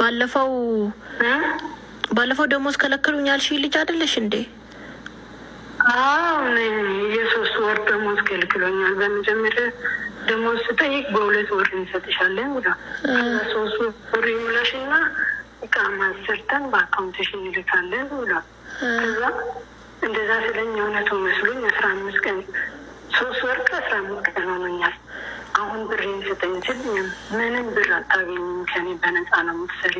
ባለፈው ባለፈው ደሞዝ ከለከሉኝ ሺ ልጅ አይደለሽ እንዴ? የሶስት ወር ደሞዝ ከልክሎኛል። በመጀመሪያ ደሞዝ ስጠይቅ በሁለት ወር እንሰጥሻለን ብሎ ሶስት ወር ይሙላሽና እቃ ማሰርተን በአካውንትሽ እንልካለን ብሎ ከዛ እንደዛ ስለኝ እውነቱ መስሎኝ አስራ አምስት ቀን ሶስት ወር ከአስራ አምስት ቀን ሆኖኛል። አሁን ብር የሚሰጠኝ ስል ምንም ብር አታገኝም፣ ከኔ በነፃ ነው የምትሰሪ፣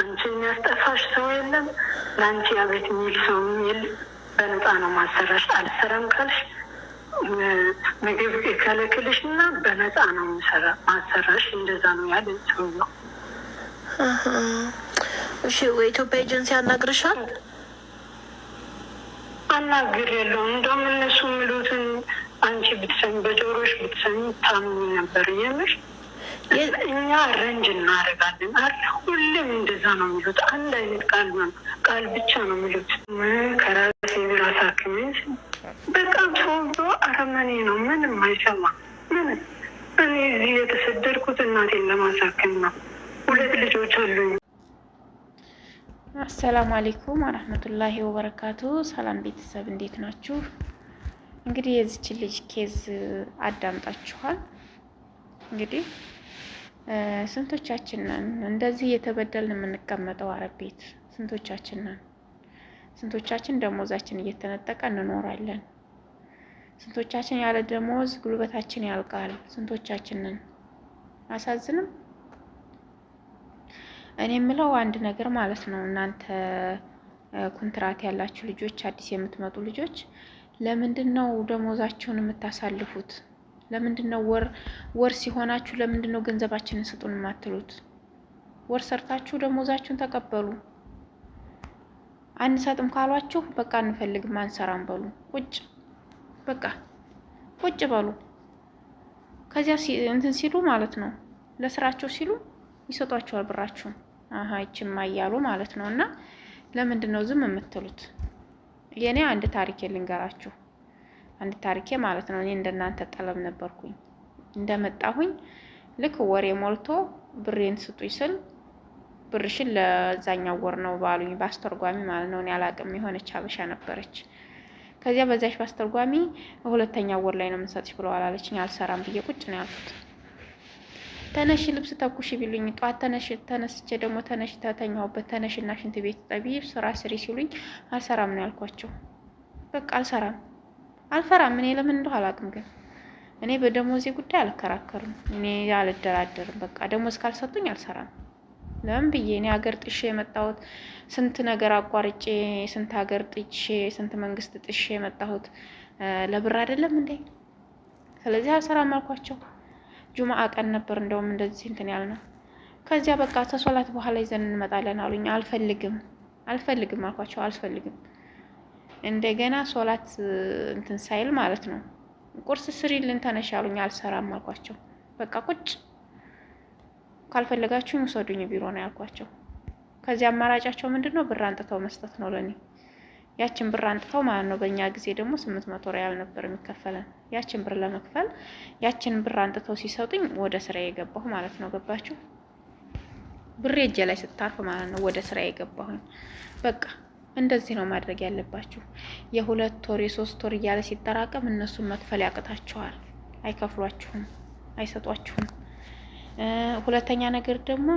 አንቺ የሚያስጠፋሽ ሰው የለም፣ ለአንቺ አቤት የሚል ሰው የሚል በነፃ ነው ማሰራሽ። አልሰራም ካልሽ ምግብ የከለክልሽ እና በነፃ ነው የሚሰራ ማሰራሽ። እንደዛ ነው ያለ ሰው ነው። እሺ፣ የኢትዮጵያ ኤጀንሲ አናግርሻል? አናግር የለውም እንደውም እነሱ ምሉትን ብትሰሚ በጆሮሽ ብትሰሚ ታምኝ ነበር። የምር እኛ ረንጅ እናደርጋለን አ ሁሌም እንደዛ ነው የሚሉት። አንድ አይነት ቃል ነው ቃል ብቻ ነው የሚሉት። ከራሴ ራስ ክሜት በጣም ሰውዶ አረመኔ ነው። ምንም አይሰማ ምንም። እኔ እዚህ የተሰደድኩት እናቴን ለማሳክም ነው። ሁለት ልጆች አሉኝ። አሰላሙ አሌይኩም ወረህመቱላሂ ወበረካቱ። ሰላም ቤተሰብ እንዴት ናችሁ? እንግዲህ የዚች ልጅ ኬዝ አዳምጣችኋል። እንግዲህ ስንቶቻችን ነን እንደዚህ እየተበደልን የምንቀመጠው? አረብ ቤት ስንቶቻችን ነን? ስንቶቻችን ደሞዛችን እየተነጠቀ እንኖራለን? ስንቶቻችን ያለ ደሞዝ ጉልበታችን ያልቃል? ስንቶቻችንን አሳዝንም። እኔ የምለው አንድ ነገር ማለት ነው። እናንተ ኮንትራት ያላችሁ ልጆች፣ አዲስ የምትመጡ ልጆች ለምንድን ነው የምታሳልፉት? ለምንድን ነው ወር ወር ሲሆናችሁ ለምንድን ነው ገንዘባችንን ስጡን የማትሉት? ወር ሰርታችሁ ደሞዛችሁን ተቀበሉ። አንሰጥም ካሏችሁ በቃ አንፈልግም አንሰራም በሉ። ቁጭ በቃ ቁጭ በሉ። ከዚያ እንትን ሲሉ ማለት ነው ለስራቸው ሲሉ ይሰጧቸዋል ብራችሁን። አሀ ይችማ እያሉ ማለት ነው። እና ለምንድን ነው ዝም የምትሉት? የእኔ አንድ ታሪኬ ልንገራችሁ። አንድ ታሪኬ ማለት ነው። እኔ እንደናንተ ጠለብ ነበርኩኝ። እንደመጣሁኝ ልክ ወሬ ሞልቶ ብሬን ስጡኝ ስል ብርሽን ለዛኛው ወር ነው ባሉኝ፣ በአስተርጓሚ ማለት ነው። እኔ አላቅም፣ የሆነች ሀበሻ ነበረች። ከዚያ በዚያች በአስተርጓሚ ሁለተኛ ወር ላይ ነው የምንሰጥሽ ብለዋል አለችኝ። አልሰራም ብዬ ቁጭ ነው ያልኩት። ተነሽ ልብስ ተኩሽ ቢሉኝ ጠዋት ተነሽ ተነስቼ ደግሞ ተነሽ ተተኛሁበት ተነሽና ሽንት ቤት ጠቢ ስራ ስሪ ሲሉኝ አልሰራም ነው ያልኳቸው። በቃ አልሰራም አልፈራም። እኔ ለምን እንደሁ አላውቅም፣ ግን እኔ በደሞዜ ጉዳይ አልከራከርም። እኔ አልደራደርም። በቃ ደሞዝ ካልሰጡኝ አልሰራም። ለምን ብዬ እኔ ሀገር ጥሼ የመጣሁት ስንት ነገር አቋርጬ ስንት ሀገር ጥሼ ስንት መንግስት ጥሼ የመጣሁት ለብር አይደለም እንዴ? ስለዚህ አልሰራም አልኳቸው። ጁማአ ቀን ነበር እንደውም እንደዚህ እንትን ነው። ከዚያ በቃ ተሶላት በኋላ ይዘን እንመጣለን አሉኝ። አልፈልግም አልፈልግም አልኳቸው። አልፈልግም እንደገና ሶላት እንትን ሳይል ማለት ነው። ቁርስ ስሪልን ተነሽ አሉኝ። አልሰራም አልኳቸው። በቃ ቁጭ ካልፈለጋችሁ ውሰዱኝ ቢሮ ነው ያልኳቸው። ከዚያ አማራጫቸው ምንድን ነው ብር አንጥተው መስጠት ነው ለእኔ። ያችን ብር አንጥተው ማለት ነው። በእኛ ጊዜ ደግሞ ስምንት መቶ ሪያል ነበር የሚከፈለን። ያችን ብር ለመክፈል ያችን ብር አንጥተው ሲሰጡኝ ወደ ስራ የገባሁ ማለት ነው። ገባችሁ? ብሬ እጄ ላይ ስታርፍ ማለት ነው ወደ ስራ የገባሁኝ። በቃ እንደዚህ ነው ማድረግ ያለባችሁ። የሁለት ወር የሶስት ወር እያለ ሲጠራቀም እነሱን መክፈል ያቅታችኋል። አይከፍሏችሁም፣ አይሰጧችሁም። ሁለተኛ ነገር ደግሞ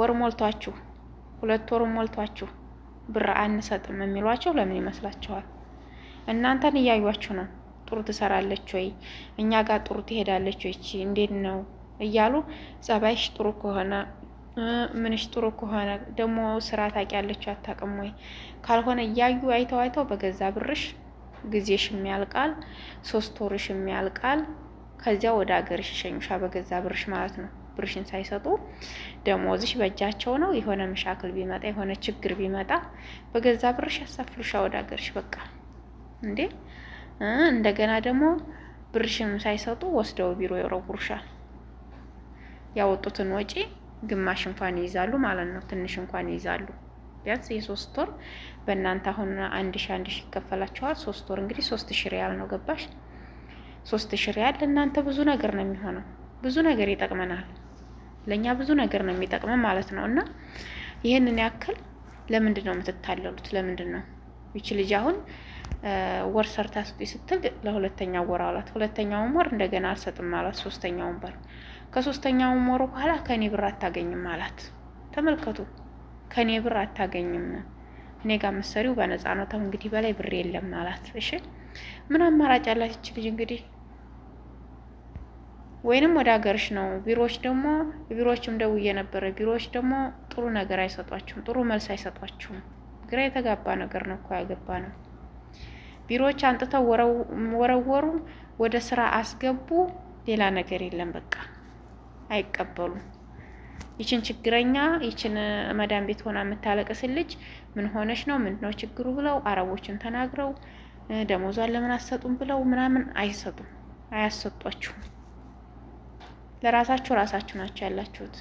ወር ሞልቷችሁ ሁለት ወር ሞልቷችሁ ብር አንሰጥም የሚሏቸው ለምን ይመስላችኋል? እናንተን እያዩችሁ ነው። ጥሩ ትሰራለች ወይ እኛ ጋር ጥሩ ትሄዳለች ወይ እንዴት ነው እያሉ ጸባይሽ ጥሩ ከሆነ ምንሽ ጥሩ ከሆነ ደግሞ ስራ ታውቂያለች አታውቅም ወይ ካልሆነ እያዩ አይተው አይተው በገዛ ብርሽ ጊዜሽም ያልቃል፣ ሶስት ወርሽም ያልቃል። ከዚያ ወደ ሀገርሽ ይሸኙሻ በገዛ ብርሽ ማለት ነው። ብርሽን ሳይሰጡ ደሞዝሽ በእጃቸው ነው። የሆነ መሻክል ቢመጣ የሆነ ችግር ቢመጣ በገዛ ብርሽ ያሳፍሩሻ ወደ ሀገርሽ። በቃ እንዴ! እንደገና ደግሞ ብርሽም ሳይሰጡ ወስደው ቢሮ ይወረውሩሻል። ያወጡትን ወጪ ግማሽ እንኳን ይይዛሉ ማለት ነው። ትንሽ እንኳን ይይዛሉ። ቢያንስ የሶስት ወር በእናንተ አሁን አንድ ሺ አንድ ሺ ይከፈላችኋል። ሶስት ወር እንግዲህ ሶስት ሺ ሪያል ነው ገባሽ? ሶስት ሺ ሪያል ለእናንተ ብዙ ነገር ነው የሚሆነው። ብዙ ነገር ይጠቅመናል። ለእኛ ብዙ ነገር ነው የሚጠቅመን ማለት ነው። እና ይህንን ያክል ለምንድን ነው የምትታለሉት? ለምንድን ነው ይቺ ልጅ አሁን ወር ሰርታ ስጡኝ ስትል ለሁለተኛው ወር አላት። ሁለተኛውም ወር እንደገና አልሰጥም አላት። ሶስተኛውም ወር ከሶስተኛውም ወር በኋላ ከኔ ብር አታገኝም አላት። ተመልከቱ፣ ከኔ ብር አታገኝም እኔ ጋር መሰሪው በነፃ ነው። ተው እንግዲህ በላይ ብር የለም አላት። እሺ ምን አማራጭ አላት ይች ልጅ እንግዲህ ወይንም ወደ ሀገርሽ ነው። ቢሮዎች ደግሞ ቢሮዎችም ደውዬ ነበረ። ቢሮዎች ደግሞ ጥሩ ነገር አይሰጧችሁም፣ ጥሩ መልስ አይሰጧችሁም። ግራ የተጋባ ነገር ነው እኮ ያገባ ነው። ቢሮዎች አንጥተው ወረወሩ፣ ወደ ስራ አስገቡ። ሌላ ነገር የለም። በቃ አይቀበሉም። ይችን ችግረኛ ይችን መዳን ቤት ሆና የምታለቅስን ልጅ ምን ሆነች ነው ምንድን ነው ችግሩ ብለው አረቦችን ተናግረው ደሞዟን ለምን አሰጡም ብለው ምናምን አይሰጡም፣ አያሰጧችሁም። ለራሳችሁ ራሳችሁ ናቸው ያላችሁት።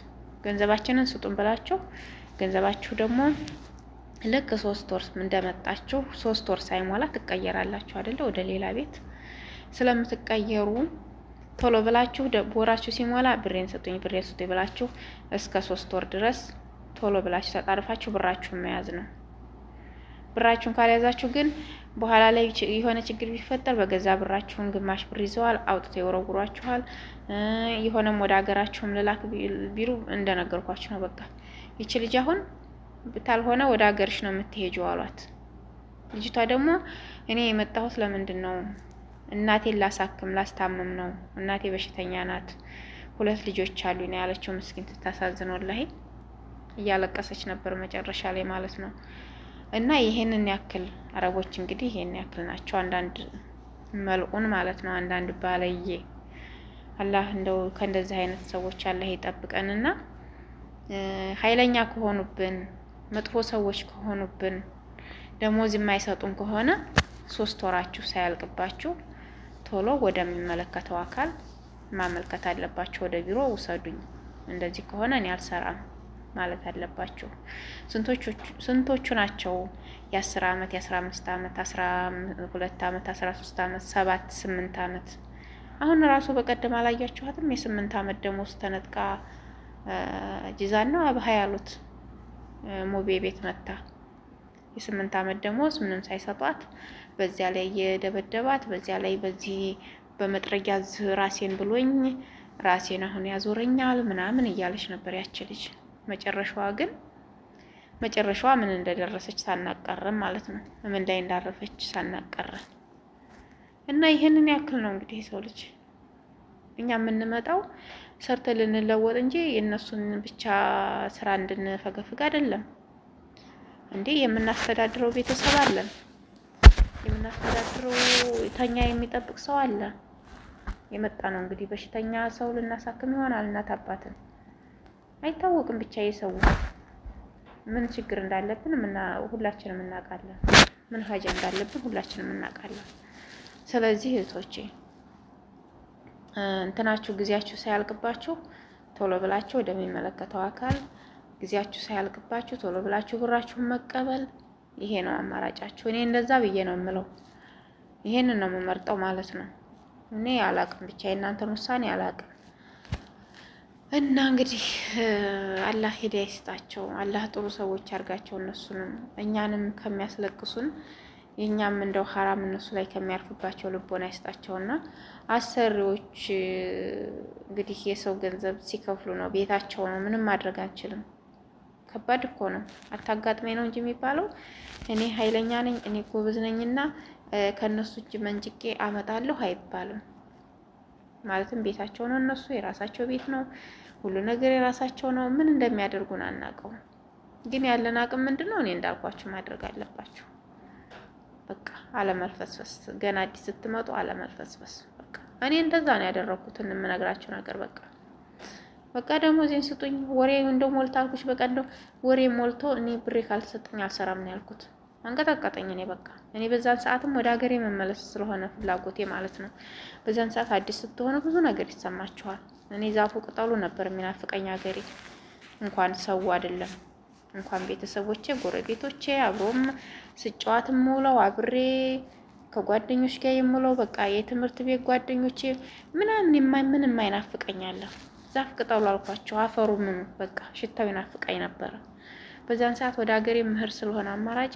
ገንዘባችንን ስጡን ብላችሁ ገንዘባችሁ ደግሞ ልክ ሶስት ወር እንደመጣችሁ ሶስት ወር ሳይሞላ ትቀየራላችሁ አይደለ? ወደ ሌላ ቤት ስለምትቀየሩ ቶሎ ብላችሁ ወራችሁ ሲሞላ ብሬን ስጡኝ ብሬን ስጡኝ ብላችሁ እስከ ሶስት ወር ድረስ ቶሎ ብላችሁ ተጣርፋችሁ ብራችሁን መያዝ ነው። ብራችሁን ካልያዛችሁ ግን በኋላ ላይ የሆነ ችግር ቢፈጠር በገዛ ብራችሁን ግማሽ ብር ይዘዋል አውጥቶ ይወረውሯችኋል። የሆነም ወደ ሀገራችሁም ልላክ ቢሉ እንደነገርኳችሁ ነው። በቃ ይቺ ልጅ አሁን ብታልሆነ ወደ ሀገርሽ ነው የምትሄጁ አሏት። ልጅቷ ደግሞ እኔ የመጣሁት ለምንድን ነው? እናቴን ላሳክም ላስታምም ነው። እናቴ በሽተኛ ናት። ሁለት ልጆች አሉ ነው ያለችው። ምስኪን ስታሳዝን ወላሂ እያለቀሰች ነበር መጨረሻ ላይ ማለት ነው። እና ይሄንን ያክል አረቦች እንግዲህ ይሄን ያክል ናቸው። አንዳንድ መልቁን ማለት ነው። አንዳንድ ባለዬ አላህ እንደው ከእንደዚህ አይነት ሰዎች አላህ ይጠብቀንና ኃይለኛ ከሆኑብን መጥፎ ሰዎች ከሆኑብን ደሞዝ የማይሰጡን ከሆነ ሶስት ወራችሁ ሳያልቅባችሁ ቶሎ ወደሚመለከተው አካል ማመልከት አለባችሁ። ወደ ቢሮ ውሰዱኝ፣ እንደዚህ ከሆነ እኔ አልሰራም ማለት አለባችሁ። ስንቶቹ ናቸው የአስር አመት የአስራ አምስት አመት አስራ ሁለት አመት አስራ ሶስት አመት ሰባት ስምንት አመት አሁን ራሱ በቀደም አላያችኋትም? የስምንት አመት ደሞዝ ተነጥቃ ጂዛና አብሀ ያሉት ሞቤ ቤት መታ የስምንት አመት ደሞዝ ምንም ሳይሰጧት በዚያ ላይ የደበደባት በዚያ ላይ በዚህ በመጥረጊያ ራሴን ብሎኝ ራሴን አሁን ያዞረኛል ምናምን እያለች ነበር ያች ልጅ። መጨረሻዋ ግን መጨረሻዋ ምን እንደደረሰች ሳናቀርም ማለት ነው። ምን ላይ እንዳረፈች ሳናቀረም እና ይህንን ያክል ነው እንግዲህ የሰው ልጅ እኛ የምንመጣው ሰርተ ልንለወጥ እንጂ የእነሱን ብቻ ስራ እንድንፈገፍግ አይደለም። እንዴ የምናስተዳድረው ቤተሰብ አለን፣ የምናስተዳድረው ተኛ የሚጠብቅ ሰው አለ። የመጣ ነው እንግዲህ በሽተኛ ሰው ልናሳክም ይሆናል እናት አባትን አይታወቅም። ብቻ የሰው ምን ችግር እንዳለብን ሁላችንም እናውቃለን። ምን ሀጃ እንዳለብን ሁላችንም እናውቃለን። ስለዚህ እህቶቼ እንትናችሁ ጊዜያችሁ ሳያልቅባችሁ ቶሎ ብላችሁ ወደሚመለከተው አካል ጊዜያችሁ ሳያልቅባችሁ ቶሎ ብላችሁ ብራችሁን መቀበል፣ ይሄ ነው አማራጫችሁ። እኔ እንደዛ ብዬ ነው የምለው። ይሄንን ነው የምመርጠው ማለት ነው። እኔ አላቅም ብቻ የእናንተን ውሳኔ አላቅም። እና እንግዲህ አላህ ሂዳያ ይስጣቸው። አላህ ጥሩ ሰዎች ያርጋቸው። እነሱንም እኛንም ከሚያስለቅሱን የእኛም እንደው ሀራም እነሱ ላይ ከሚያርፍባቸው ልቦና ይስጣቸውና አሰሪዎች እንግዲህ የሰው ገንዘብ ሲከፍሉ ነው ቤታቸው ነው። ምንም ማድረግ አንችልም። ከባድ እኮ ነው። አታጋጥመኝ ነው እንጂ የሚባለው እኔ ኃይለኛ ነኝ እኔ ጎበዝ ነኝና ከእነሱ እጅ መንጭቄ አመጣለሁ አይባልም። ማለትም ቤታቸው ነው፣ እነሱ የራሳቸው ቤት ነው፣ ሁሉ ነገር የራሳቸው ነው። ምን እንደሚያደርጉን አናውቀው። ግን ያለን አቅም ምንድን ነው? እኔ እንዳልኳችሁ ማድረግ አለባችሁ። በቃ አለመልፈስፈስ፣ ገና አዲስ ስትመጡ አለመልፈስፈስ። በቃ እኔ እንደዛ ነው ያደረኩት። የምነግራችሁ ነገር በቃ በቃ ደግሞ እዚህን ስጡኝ ወሬ እንደ ሞልታ አልኩሽ። በቃ እንደ ወሬ ሞልቶ እኔ ብሬ ካልተሰጠኝ አልሰራም ነው ያልኩት። አንቀጠቀጠኝ። እኔ በቃ እኔ በዛን ሰዓትም ወደ ሀገሬ መመለስ ስለሆነ ፍላጎቴ ማለት ነው። በዛን ሰዓት አዲስ ስትሆኑ ብዙ ነገር ይሰማችኋል። እኔ ዛፉ ቅጠሉ ነበር የሚናፍቀኝ ሀገሬ። እንኳን ሰው አይደለም እንኳን ቤተሰቦቼ፣ ጎረቤቶቼ አብሮም ስጫዋት የምውለው አብሬ ከጓደኞች ጋር የምውለው በቃ የትምህርት ቤት ጓደኞቼ ምናምን የማይ ምን የማይናፍቀኝ አለ? ዛፍ ቅጠሉ አልኳቸው፣ አፈሩ ምኑ በቃ ሽታው ይናፍቀኝ ነበረ። በዛን ሰዓት ወደ ሀገሬ ምህር ስለሆነ አማራጭ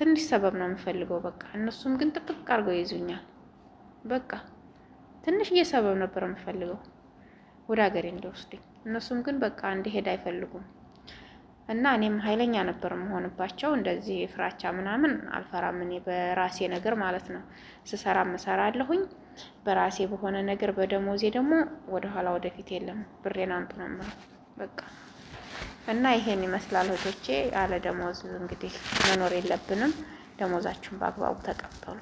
ትንሽ ሰበብ ነው የምፈልገው። በቃ እነሱም ግን ጥቅጥቅ አድርገው ይዙኛል። በቃ ትንሽዬ ሰበብ ነበር የምፈልገው ወደ ሀገሬ እንዲወስዱኝ። እነሱም ግን በቃ እንዲሄድ አይፈልጉም እና እኔም ኃይለኛ ነበር መሆንባቸው። እንደዚህ ፍራቻ ምናምን አልፈራም እኔ በራሴ ነገር ማለት ነው። ስሰራም አለሁኝ በራሴ በሆነ ነገር በደሞዜ ደግሞ ወደኋላ ወደፊት የለም። ብሬን አንጡ ነው በቃ እና ይሄን ይመስላል እህቶቼ። ያለ ደሞዝ እንግዲህ መኖር የለብንም። ደሞዛችሁን በአግባቡ ተቀበሉ።